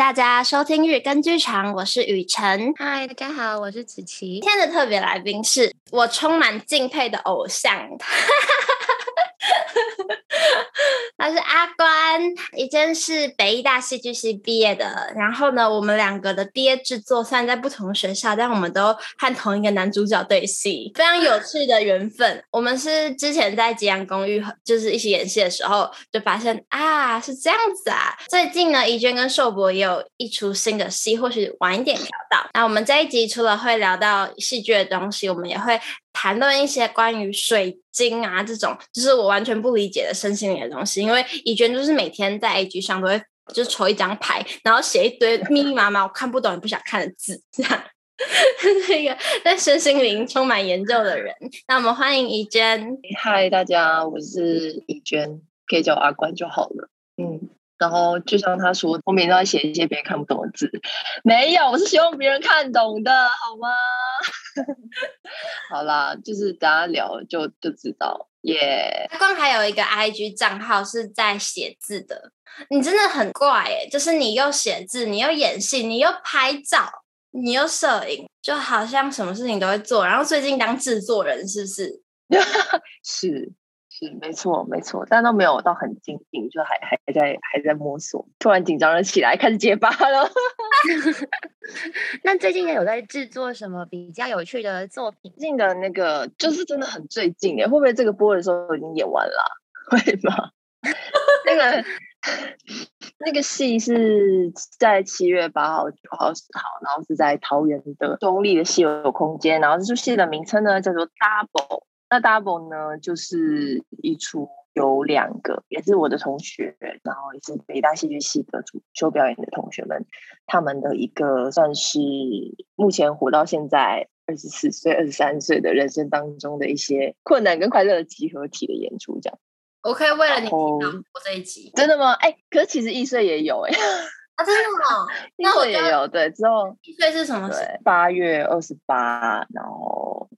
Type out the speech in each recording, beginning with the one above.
大家收聽《日更劇場》，我是雨晨。嗨，大家好，我是子琪。今天的特別來賓是我充滿敬佩的偶像。 他是阿關，怡娟是北藝大戲劇系畢業的。然後呢，我們兩個的畢業製作雖然在不同學校，但我們都和同一個男主角對戲，非常有趣的緣分。我們是之前在《吉陽公寓》就是一起演戲的時候就發現啊，是這樣子啊。最近呢，怡娟跟壽伯也有一齣新的戲，或許晚一點聊到。那我們這一集除了會聊到戲劇的東西，我們也會。談論一些關於水晶啊這種，就是我完全不理解的身心靈的東西。因為怡娟就是每天在 IG 上都會就抽一張牌，然後寫一堆密密麻麻我看不懂也不想看的字，這樣， 是一個在身心靈充滿研究的人。那我們歡迎怡娟。嗨、hey，大家，我是怡娟，可以叫我阿關就好了。嗯。然後就像他說，我每天都要寫一些別人看不懂的字。沒有，我是希望別人看懂的，好嗎？ 好啦，就是大家聊就就知道耶。阿、yeah. 光還有一個 IG 賬號是在寫字的，你真的很怪哎、欸，就是你又寫字，你又演戲，你又拍照，你又攝影，就好像什麼事情都會做。然後最近當製作人，是不是？ 是。沒錯，沒錯，但都沒有到很精進，就還還在還在摸索。突然緊張了起來，開始結巴了。那 最近也有在製作什麼比較有趣的作品？最近的那個就是真的很最近耶，會不會這個播的時候已經演完了、啊？會吧 那個那個戲是在七月八號、九號、十號，然後是在桃園的中壢的戲有空間。然後這出戲的名稱呢叫做《Double》。那 Double 呢，就是一出有兩個、嗯，也是我的同學，然後也是北藝大戲劇系的主修表演的同學們，他們的一個算是目前活到現在二十四歲、二十三歲的人生當中的一些困難跟快樂的集合體的演出。這樣 OK，為了你聽這一集，真的嗎？哎、欸，可是其實一歲也有哎、欸，啊，真的嗎？一 我歲也有對，之後一歲是什麼時候？八月二十八，然後。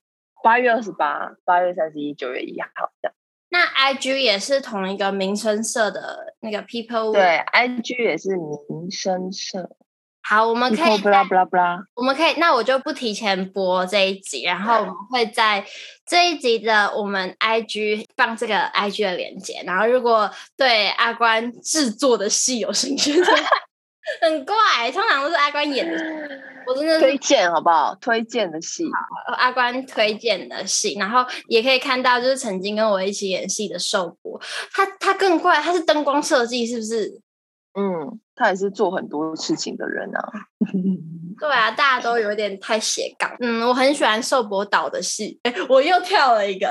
八月二十八、八月三十一、九月一號這樣。那 I G 也是同一個民生社的那個 People，會。對 I G 也是民生社。好，我們可以。不啦不啦不啦。我們可以，那我就不提前播這一集，然後我們會在這一集的我們 I G 放這個 I G 的連結，然後如果對阿關制作的戲有興趣。 很怪，通常都是阿關演的。我真的推薦，好不好？推薦的戲，哦，阿關推薦的戲，然後也可以看到就是曾經跟我一起演戲的壽博，他他更怪，他是燈光設計，是不是？嗯，他也是做很多事情的人呢，啊。 對啊，大家都有點太斜槓。嗯，我很喜歡壽博導的戲，欸。我又跳了一個，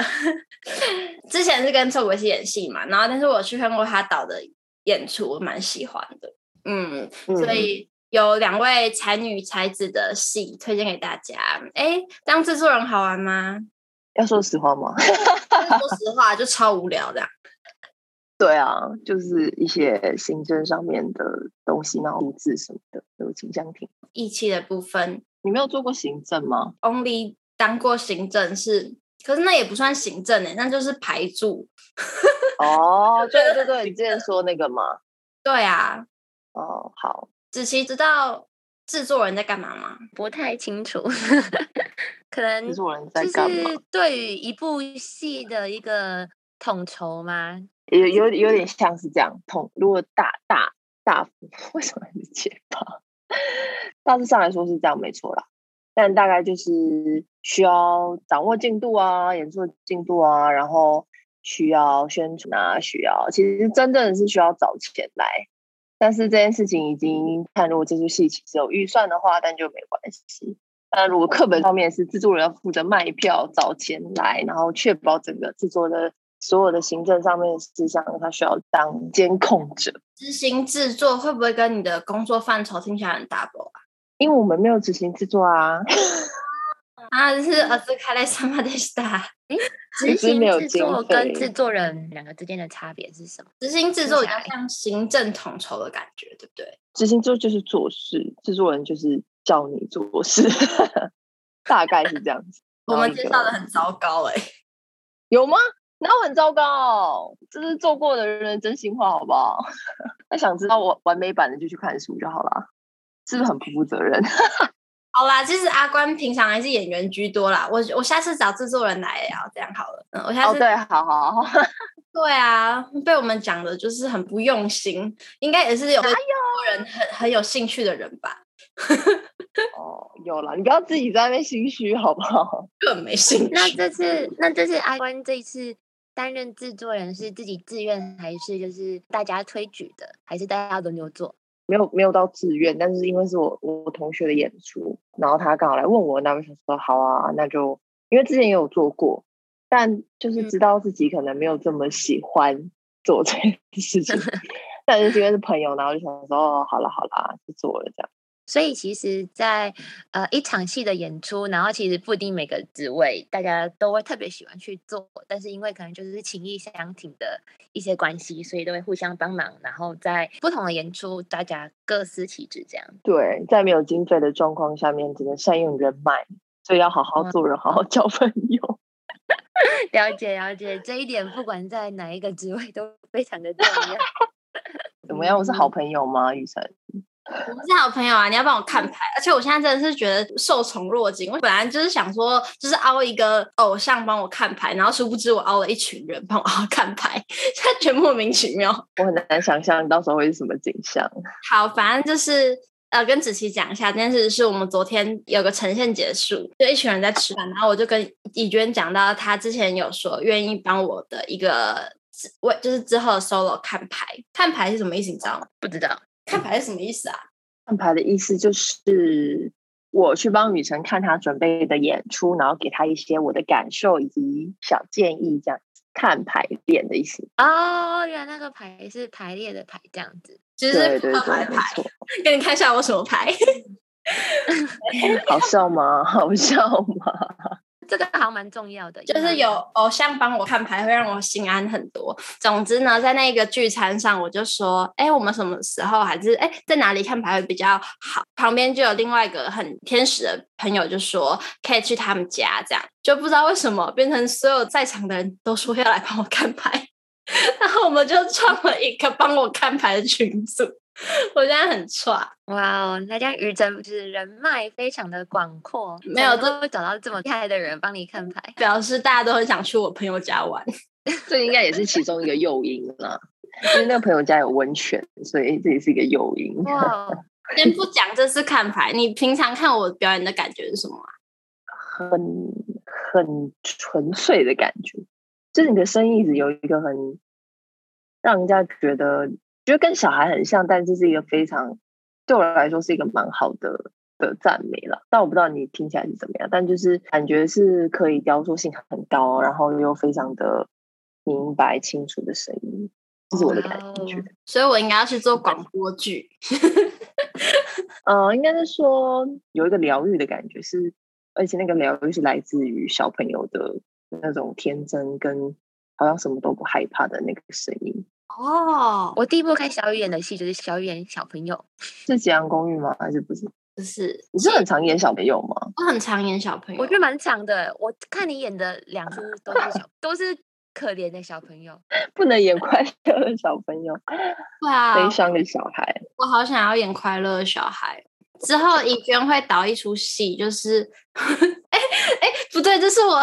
之前是跟壽博一起演戲嘛，然後但是我去看過他導的演出，我蠻喜歡的。嗯,嗯，所以有兩位才女才子的戲推薦給大家。哎、欸，當制作人好玩嗎？要說實話嗎？ 要說實話，就超無聊的。對啊，就是一些行政上面的東西，然後物資什麼的，有請江婷。一期的部分，你沒有做過行政嗎？Only 當過行政是，可是那也不算行政呢、欸，那就是排住。哦、oh, 對就對對， 你之前說那個嗎？對啊。哦、oh,，好。子琪知道製作人在幹嘛嗎？不太清楚， 可能制 作人在幹嘛？就是、對於一部戲的一個統籌嗎？有有有點像是這樣統。如果大大大，為什麼沒錢吧？大致上來說是這樣，沒錯啦。但大概就是需要掌握進度啊，演出進度啊，然後需要宣傳啊，需要其實真正的是需要找錢來。但是這件事情已經看，如果這出戲其實有預算的話，但就沒關係。那如果課本上面是制作人要負責賣票、找錢來，然後確保整個制作的所有的行政上面的事項，他需要當監控者。執行制作會不會跟你的工作範疇聽起來很 double 啊？因為我們沒有執行制作啊。 啊，這是兒子開來上班的？哎、嗯，執行製作跟製作人兩個之間的差別是什麼？執行製作有點像行政統籌的感覺，對不對？執行製作就是做事，製作人就是教你做事， 大概是這樣子。 我們介紹得很糟糕。欸，哎，有嗎？那我很糟糕，這是做過的人的真心話，好不好？那 想知道我完美版的，就去看書就好了。是不是很不負責任？ 好啦，其實阿關平常還是演員居多啦。我我下次找製作人來聊，這樣好了。嗯，我下次，oh, 對，好好， 對啊，被我們講的就是很不用心，應該也是有有人很很有興趣的人吧。哦 ，oh，有了，你不要自己在那邊心虛好不好？更 沒興趣。 那這次，那這次阿關這一次擔任製作人是自己自願還是就是大家推舉的，還是大家輪流做？沒有沒有到自願，但是因為是我我同學的演出，然後他剛好來問我，那我想說好啊，那就因為之前也有做過，但就是知道自己可能沒有這麼喜歡做這件事情，嗯、 但是因為是朋友，然後就想說，哦，好了好了，就做了這樣。所以其實在，在呃一場戲的演出，然後其實不一定每個職位大家都會特別喜歡去做，但是因為可能就是情誼相挺的一些關係，所以都會互相幫忙。然後在不同的演出，大家各司其職這樣。對，在沒有經費的狀況下面，只能善用人脈，所以要好好做人，嗯、好好交朋友。了解了解， 這一點，不管在哪一個職位都非常的重要。 怎麼樣？我是好朋友嗎？雨辰。我們是好朋友啊！你要幫我看牌，而且我現在真的是覺得受寵若驚。我本來就是想說，就是凹一個偶像幫我看牌，然後殊不知我凹了一群人幫我看牌，完 全莫名其妙。我很難想象到時候會是什麼景象。好，反正就是呃，跟子琪講一下但件事，是我們昨天有個呈現結束，就一群人在吃飯，然後我就跟怡娟講到，她之前有說願意幫我的一個就是之後的 solo 看牌，看牌是什麼意思？你知道嗎？不知道。看牌是什麼意思啊？看牌的意思就是我去幫雨辰看他準備的演出，然後給他一些我的感受以及小建議，這樣子，看排練的意思。哦，原來那個牌是排列的牌，這樣子，就是。對對對，沒錯。給 你看一下我什麼牌？好笑嗎？好笑嗎？這個還蠻重要的，就是有偶像幫我看牌會讓我心安很多。總之呢，在那個聚餐上，我就說：“欸，我們什麼時候還是欸，在哪裡看牌會比較好？”旁邊就有另外一個很天使的朋友就說：“可以去他們家。”這樣就不知道為什麼變成所有在場的人都說要來幫我看牌，然後我們就創了一個幫我看牌的群組。我現在很爽，哇哦！那家怡娟，就是人脈非常的廣闊，沒有都會找到這麼厲害的人幫你看牌。表示大家都很想去我朋友家玩， 這應該也是其中一個誘因了。因為那個朋友家有溫泉，所以這也是一個誘因。Wow, 先不講這次看牌， 你平常看我表演的感覺是什麼啊？很很純粹的感覺，就是你的聲音一直有一個很讓人家覺得，覺得跟小孩很像，但這是一個非常對我來說是一個蠻好的的讚美了。但我不知道你聽起來是怎麼樣，但就是感覺是可以雕塑性很高，然後又非常的明白清楚的聲音，這是我的感覺。嗯，所以，我應該要去做廣播劇。嗯， uh, 應該是說有一個療癒的感覺是，是而且那個療癒是來自於小朋友的那種天真跟好像什麼都不害怕的那個聲音。哦、oh，我第一部看小雨演的戲就是小雨演小朋友，是《吉祥公寓》嗎？還是不是？不是。你是很常演小朋友嗎？我很常演小朋友，我覺得蠻長的。我看你演的兩出都是小， 都是可憐的小朋友，不能演快樂的小朋友。 對啊，悲傷的小孩。我好想要演快樂的小孩。之後怡娟會導一出戲，就是，哎 哎、欸欸，不對，這是我，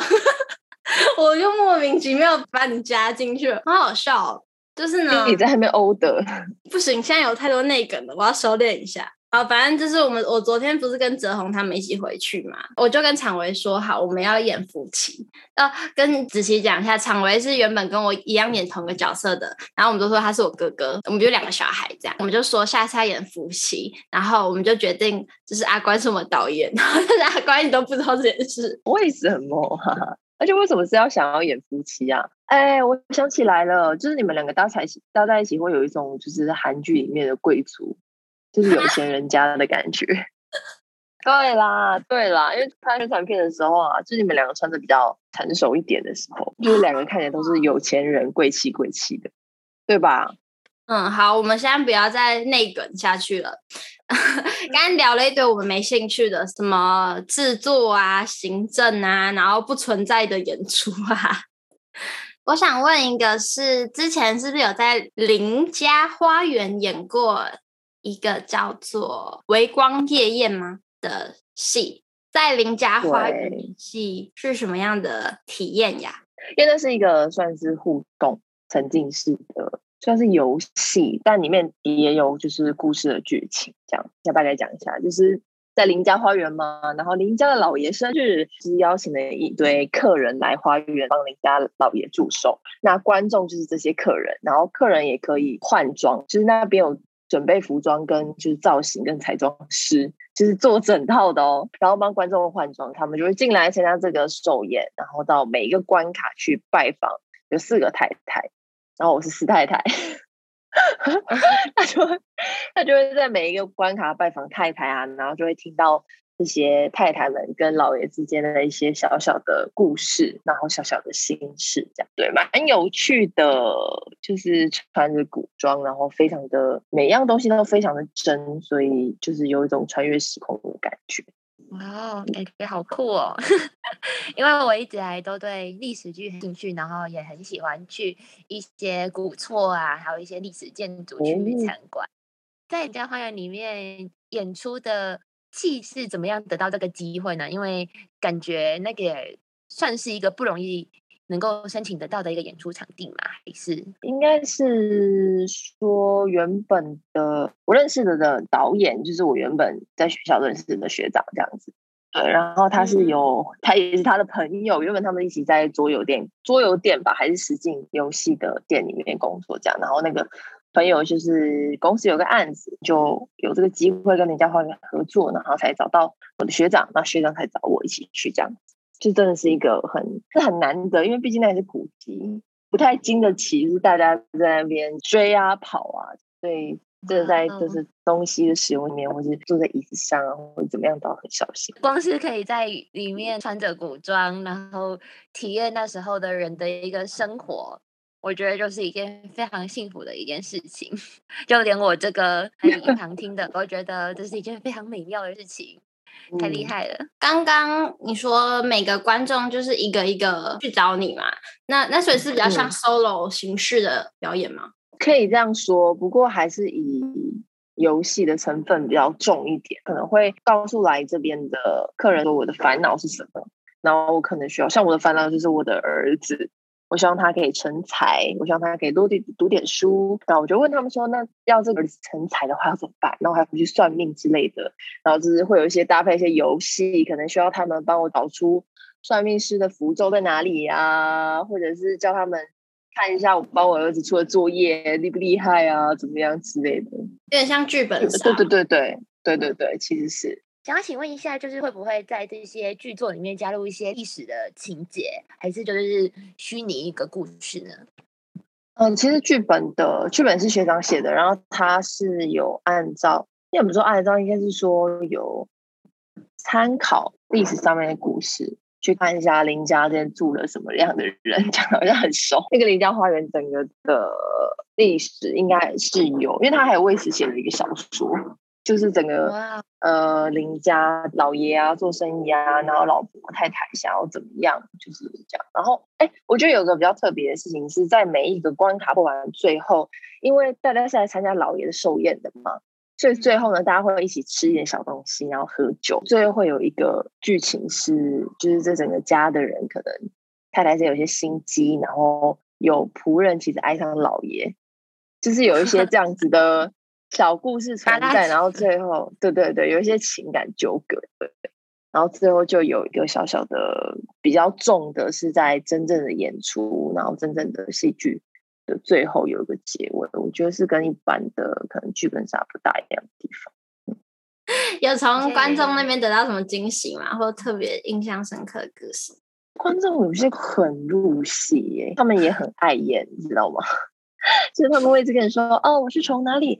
我就莫名其妙把你加進去了，好好笑，哦。就是呢，你在後面嘔的不行，現在有太多內梗了，我要收斂一下。好、哦，反正就是我們，我昨天不是跟澤宏他們一起回去嘛，我就跟常維說好，我們要演夫妻。呃，跟子琪講一下，常維是原本跟我一樣演同個角色的，然後我們都說他是我哥哥，我們就兩個小孩這樣，我們就說下次要演夫妻，然後我們就決定就是阿關是我們導演，但是阿關你都不知道這件事，為什麼、啊？哈哈。而且為什麼是要想要演夫妻啊？哎、欸，我想起來了，就是你們兩個搭在一起，搭在一起會有一種就是韓劇裡面的貴族，就是有錢人家的感覺。 對啦，對啦，因為拍宣傳片的時候啊，就是，你們兩個穿的比較成熟一點的時候，就是兩個看起來都是有錢人，貴氣貴氣的，對吧？嗯，好，我們先不要再內梗下去了。剛 剛聊了一堆我們沒興趣的，什麼製作啊、行政啊，然後不存在的演出啊。 我想問一個是，是之前是不是有在林家花園演過一個叫做《微光夜宴》嗎的戲？在林家花園演戲，是什麼樣的體驗呀？因為這是一個算是互動沉浸式的。雖然是遊戲，但裡面也有就是故事的劇情，這樣要大概講一下，就是在林家花園嘛，然後林家的老爺生日，就是邀請了一堆客人來花園幫林家老爺祝壽。那觀眾就是這些客人，然後客人也可以換裝，就是那邊有準備服裝跟就是造型跟彩妝師，就是做整套的哦，然後幫觀眾換裝，他們就會進來參加這個壽宴，然後到每一個關卡去拜訪，有四個太太。然後我是四太太， 他就會他就會在每一個關卡拜訪太太啊，然後就會聽到這些太太們跟老爺之間的一些小小的故事，然後小小的心事，這樣對，蠻有趣的，就是穿着古裝，然後非常的每樣東西都非常的真，所以就是有一種穿越時空的感覺。哇，感覺好酷哦！ 因為我一直都對歷史劇很興趣，然後也很喜歡去一些古厝啊，還有一些歷史建築去參觀。嗯、在《人間花園》裡面演出的，戲是怎麼樣得到這個機會呢？因為感覺那個也算是一個不容易能夠申請得到的一個演出場地嘛，還是？應該是說原本的我認識的的導演，就是我原本在學校認識的學長這樣子。對，然後他是有、嗯，他也是他的朋友，原本他們一起在桌遊店、桌遊店吧，還是實境遊戲的店裡面工作這樣。然後那個朋友就是公司有個案子，就有這個機會跟人家換合作，然後才找到我的學長，那學長才找我一起去這樣子。就真的是一個很，是很難得，因為畢竟那也是古蹟，不太經得起，就是大家在那邊追啊跑啊，對。坐在就是東西的使用裡面，或者坐在椅子上，或者怎麼樣都要很小心。光是可以在裡面穿着古裝，然後體驗那時候的人的一個生活，我覺得就是一件非常幸福的一件事情。 就連我這個平常聽的， 我覺得這是一件非常美妙的事情，太厲害了，嗯。剛剛你說每個觀眾就是一個一個去找你嘛？那那所以是比較像 solo 形式的表演嗎？嗯可以這樣說，不過還是以遊戲的成分比較重一點，可能會告訴來這邊的客人說我的煩惱是什麼，然後我可能需要，像我的煩惱就是我的兒子，我希望他可以成才，我希望他可以多點讀點書，然後我就問他們說，那要這個兒子成才的話要怎麼辦？然後我還回去算命之類的，然後就是會有一些搭配一些遊戲，可能需要他們幫我找出算命師的符咒在哪裡啊，或者是叫他們。看一下我幫我兒子出的作業厲不厲害啊？怎麼樣之類的，有點像劇本。對對對對對對對，其實是。想要請問一下，就是會不會在這些劇作裡面加入一些歷史的情節，還是就是虛擬一個故事呢？嗯，其實劇本的劇本是學長寫的，然後他是有按照，因為我們說按照，應該是說有參考歷史上面的故事。去看一下林家這邊住了什麼樣的人，講的好像很熟。那個林家花園整個的歷史應該是有，因為他還有為此寫了一個小說，就是整個呃林家老爺啊做生意啊，然後老婆太太想要怎麼樣，就是這樣。然後哎、欸，我覺得有個比較特別的事情是在每一個關卡過完最後，因為大家是來參加老爺的壽宴的嘛。最最後呢，大家會一起吃一點小東西，然後喝酒。最後會有一個劇情是，就是這整個家的人可能太太是有些心機，然後有僕人其實愛上老爺，就是有一些這樣子的小故事存在。 然後最後，對對對，有一些情感糾葛，對對對。然後最後就有一個小小的、比較重的是在真正的演出，然後真正的戲劇的最後有一個結尾，我覺得是跟一般的可能劇本殺不大一樣的地方。有從觀眾那邊得到什麼驚喜嗎？或者特別印象深刻的故事？觀眾有些很入戲耶、欸，他們也很愛演，你知道嗎？ 就是他們會一直跟你說：“哦，我是從哪裡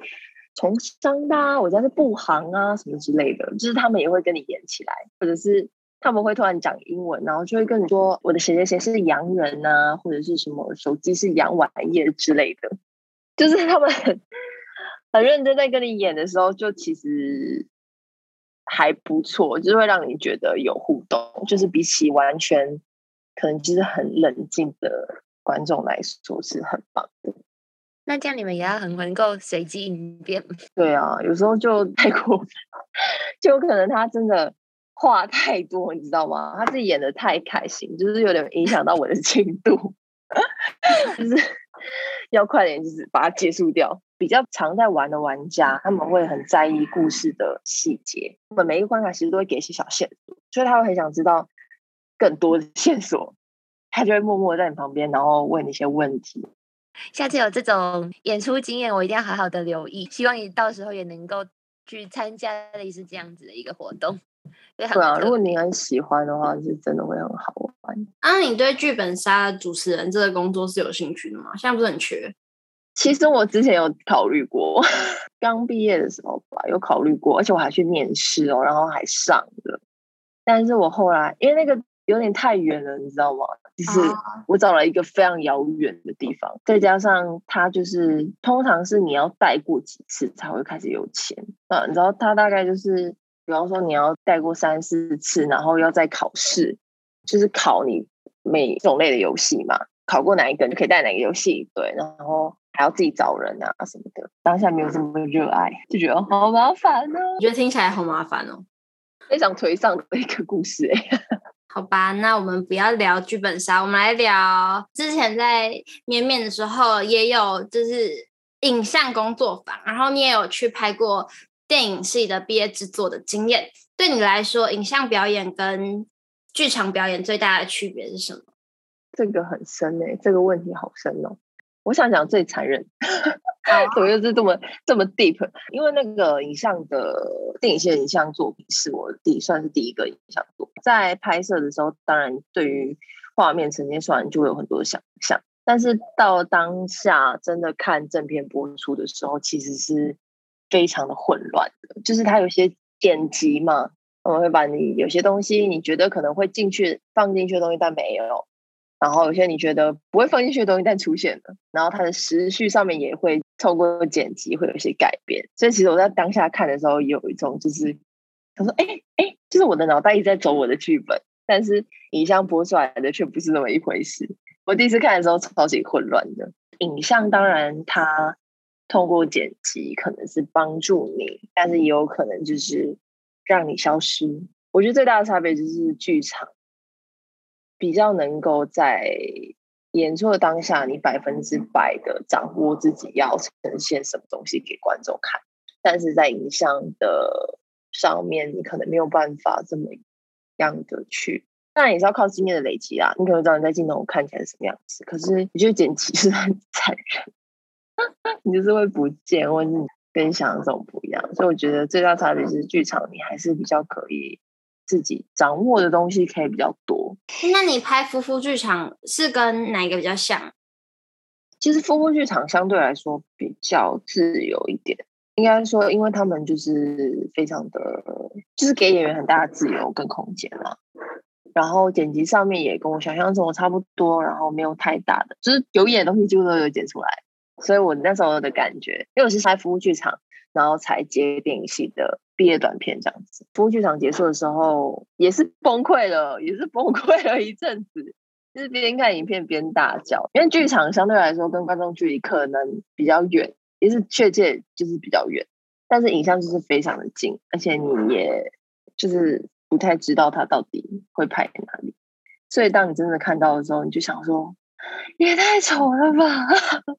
從商的、啊？我家是布行啊，什麼之類的。”就是他們也會跟你演起來，或者是。他們會突然講英文，然後就會跟你說：“我的誰誰誰是洋人啊，或者是什麼手機是洋玩意兒之類的。”就是他們很，很認真在跟你演的時候，就其實還不錯，就是會讓你覺得有互動。就是比起完全可能就是很冷靜的觀眾來說，是很棒的。那這樣你們也要很能夠隨機應變？對啊，有時候就太過分了，就可能他真的。話太多，你知道嗎？他自己演的太開心，就是有點影響到我的進度， 就是要快點就是把它結束掉。比較常在玩的玩家，他們會很在意故事的細節。我們每一個關卡其實都會給一些小線索，所以他會很想知道更多的線索，他就會默默在你旁邊，然後問你一些問題。下次有這種演出經驗，我一定要好好的留意。希望你到時候也能夠去參加類似這樣子的一個活動。對啊，如果你很喜歡的話，嗯、是真的會很好玩。啊，你對劇本殺主持人這個工作是有興趣的嗎？現在不是很缺？其實我之前有考慮過，剛畢業的時候吧，有考慮過，而且我還去面試哦，然後還上了。但是我後來因為那個有點太遠了，你知道嗎？就是我找了一個非常遙遠的地方，哦、再加上他就是通常是你要帶過幾次才會開始有錢。嗯，然後他大概就是。比方說，你要帶過三四次，然後要再考試，就是考你每種類的遊戲嘛。考過哪一個你就可以帶哪個遊戲，對。然後還要自己找人啊什麼的。當下沒有這麼熱愛，就覺得好麻煩哦、啊。我覺得聽起來好麻煩哦、喔，非常頹喪的一個故事、欸。哎， 好吧，那我們不要聊劇本殺，我們來聊之前在綿綿的時候也有就是影像工作坊，然後你也有去拍過。電影是你的畢業制作的經驗。對你來說，影像表演跟劇場表演最大的區別是什麼？這個很深呢、欸，這個問題好深哦。我想講最殘忍的， oh. 怎麼又是這麼這麼 deep？因為那個影像的電影系影像作品是我第算是第一個影像作品，在拍攝的時候，當然對於畫面呈現出來就會有很多想象，但是到當下真的看正片播出的時候，其實是。非常的混亂的，就是它有些剪輯嘛，我們會把你有些東西你覺得可能會進去放進去的東西，但沒有；然後有些你覺得不會放進去的東西，但出現了。然後它的時序上面也會透過剪輯會有一些改變。所以其實我在當下看的時候，有一種就是，他說、欸欸：“就是我的腦袋一直在走我的劇本，但是影像播出來的卻不是那麼一回事。”我第一次看的時候，超級混亂的影像，當然它。通過剪輯可能是幫助你，但是也有可能就是讓你消失。我覺得最大的差別就是劇場比較能夠在演出的當下，你百分之百的掌握自己要呈現什麼東西給觀眾看。但是在影像的上面，你可能沒有辦法這麼樣的去，當然也是要靠經驗的累積啊。你可能知道你在鏡頭看起來是什麼樣子，可是我覺得剪輯是很殘忍。你就是會不見，或者是跟想象中不一樣，所以我覺得最大差別是劇場，你還是比較可以自己掌握的東西可以比較多。那你拍夫婦劇場是跟哪一個比較像？其實夫婦劇場相對來說比較自由一點，應該說，因為他們就是非常的，就是給演員很大的自由跟空間嘛。然後剪輯上面也跟我想象中差不多，然後沒有太大的，就是有演的東西幾乎都有剪出來。所以我那時候的感覺，因為我是在服務劇場，然後才接電影系的畢業短片這樣子。服務劇場結束的時候，也是崩潰了，也是崩潰了一陣子，就是邊看影片邊大叫，因為劇場相對來說跟觀眾距離可能比較遠，也是確切就是比較遠，但是影像就是非常的近，而且你也就是不太知道他到底會拍在哪裡，所以當你真的看到的時候，你就想說。也太醜了吧！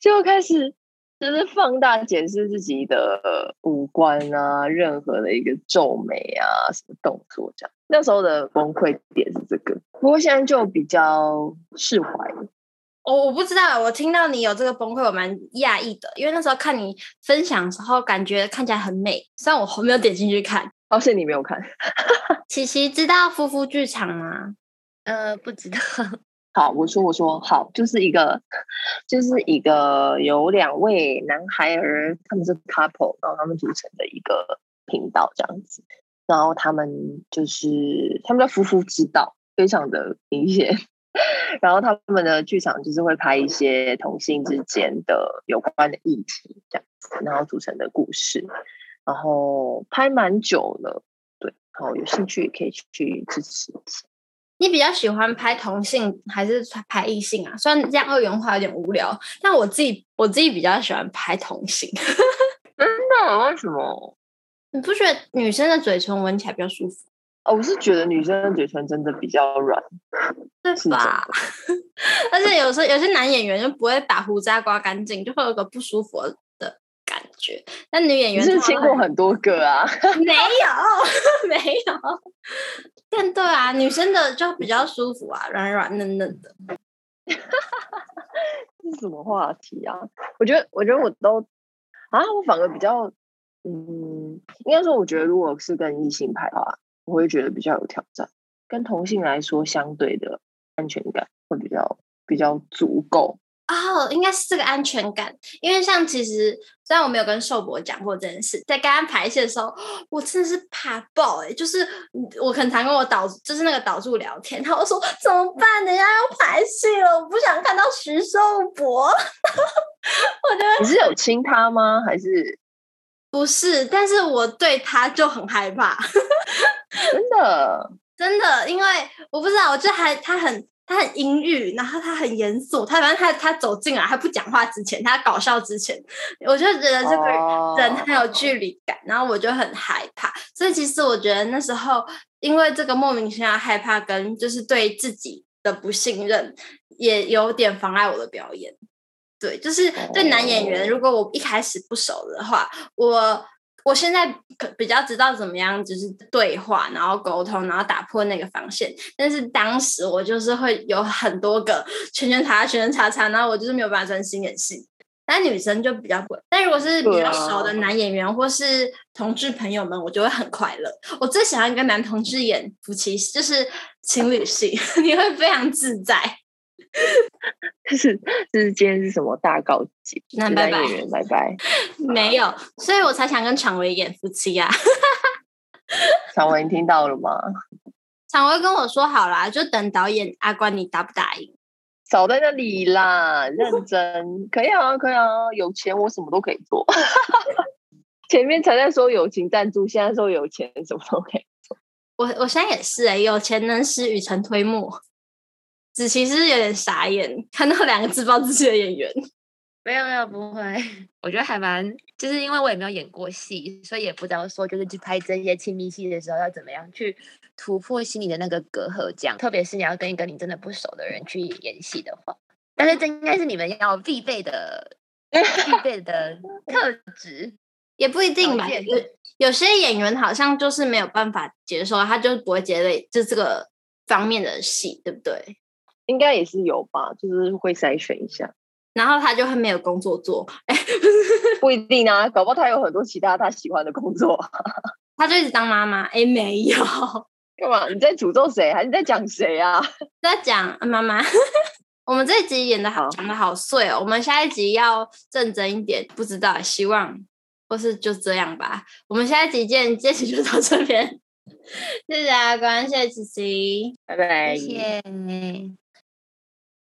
就開始就是放大檢視自己的五官啊，任何的一個皺眉啊，什麼動作這樣。那時候的崩潰點是這個，不過現在就比較釋懷。我、哦、我不知道，我聽到你有這個崩潰，我蠻訝異的，因為那時候看你分享的時候，感覺看起來很美。雖然我後面沒有點進去看，而、哦、且你沒有看。琪 琪知道夫婦劇場嗎？呃，不知道。好，我說我說好，就是一個就是一個由兩位男孩兒，他們是 couple，然後他們組成的一個頻道這樣子，然後他們就是他們的夫夫之道，非常的明顯。然後他們的劇場就是會拍一些同性之間的有關的議題這樣子，然後組成的故事，然後拍蠻久了，對，然後有興趣也可以去支持一下。你比較喜歡拍同性還是拍異性啊？雖然這樣二元化有點無聊，但我自己我自己比較喜歡拍同性。 真的？為什麼？你不覺得女生的嘴唇聞起來比較舒服？哦，我是覺得女生的嘴唇真的比較軟，是吧？但 是有時候有些男演員就不會把胡渣刮乾淨，就會有個不舒服的。那女演員有是親過很多個啊， 沒有沒有，但對啊，女生的就比較舒服啊，軟軟嫩嫩的。 這是什麼話題啊？我覺得，我覺得我都啊，我反而比較嗯，應該說，我覺得如果是跟異性拍的話，我會覺得比較有挑戰；跟同性來說，相對的安全感會比較比較足夠。哦、oh，應該是這個安全感，因為像其實雖然我沒有跟壽伯講過這件事，在剛剛排戲的時候，我真的是怕爆哎、欸，就是我很常跟我導，就是那個導助聊天，然後我說怎麼辦？人家要排戲了，我不想看到徐壽伯 我覺得你是有親他嗎？還是？不是，但是我對他就很害怕， 真的真的，因為我不知道，我覺得還他很。他很陰鬱，然後他很嚴肅。他反正他他走進來，他不講話之前，他搞笑之前，我就覺得這個人很有距離感，oh. 然後我就很害怕。所以其實我覺得那時候，因為這個莫名其妙害怕跟就是對自己的不信任，也有點妨礙我的表演。對，就是對男演員，oh. 如果我一開始不熟的話，我。我現在可比較知道怎麼樣，就是對話，然後溝通，然後打破那個防線。但是當時我就是會有很多個圈圈叉叉圈圈叉叉，然後我就是沒有辦法專心演戲。但女生就比較貴，但如果是比較熟的男演員或是同志朋友們，我就會很快樂。我最喜歡跟男同志演夫妻，就是情侶戲，你會非常自在。這是這是今天是什麼大告急？那拜拜拜拜 ，沒有，所以我才想跟常威演夫妻啊 。常威，你聽到了嗎？常威跟我說好啦，就等導演阿關，你答不答應？少在那裡啦，認真 可以啊，可以啊，有錢我什麼都可以做。 前面才在說友情贊助，現在說有錢什麼都可以做。我我現在也是哎、欸，有錢能使雨辰推磨。子琪其實有點傻眼，看到兩個自暴自棄的演員。沒有沒有，不會。我覺得還蠻，就是因為我也沒有演過戲，所以也不知道說，就是去拍這些親密戲的時候要怎麼樣去突破心裡的那個隔閡，這樣。特別是你要跟一個你真的不熟的人去演戲的話。但是這應該是你們要必備的必備的特質， 也不一定吧？有， 有些演員好像就是沒有辦法接受，他就是不會接的，就這個方面的戲，對不對？應該也是有吧，就是會篩選一下，然後他就會沒有工作做。欸、不，不一定啊，搞不好他有很多其他他喜歡的工作。 他就一直當媽媽。哎、欸，沒有。幹嘛？你在詛咒誰？還是在講誰啊？在講媽媽。啊、媽媽 我們這一集演得好，講得好碎、哦。我們下一集要認真一點，不知道，希望或是就這樣吧。我們下一集見，這集就，就到這邊。 謝謝阿光，謝謝琪琪，拜拜，謝，謝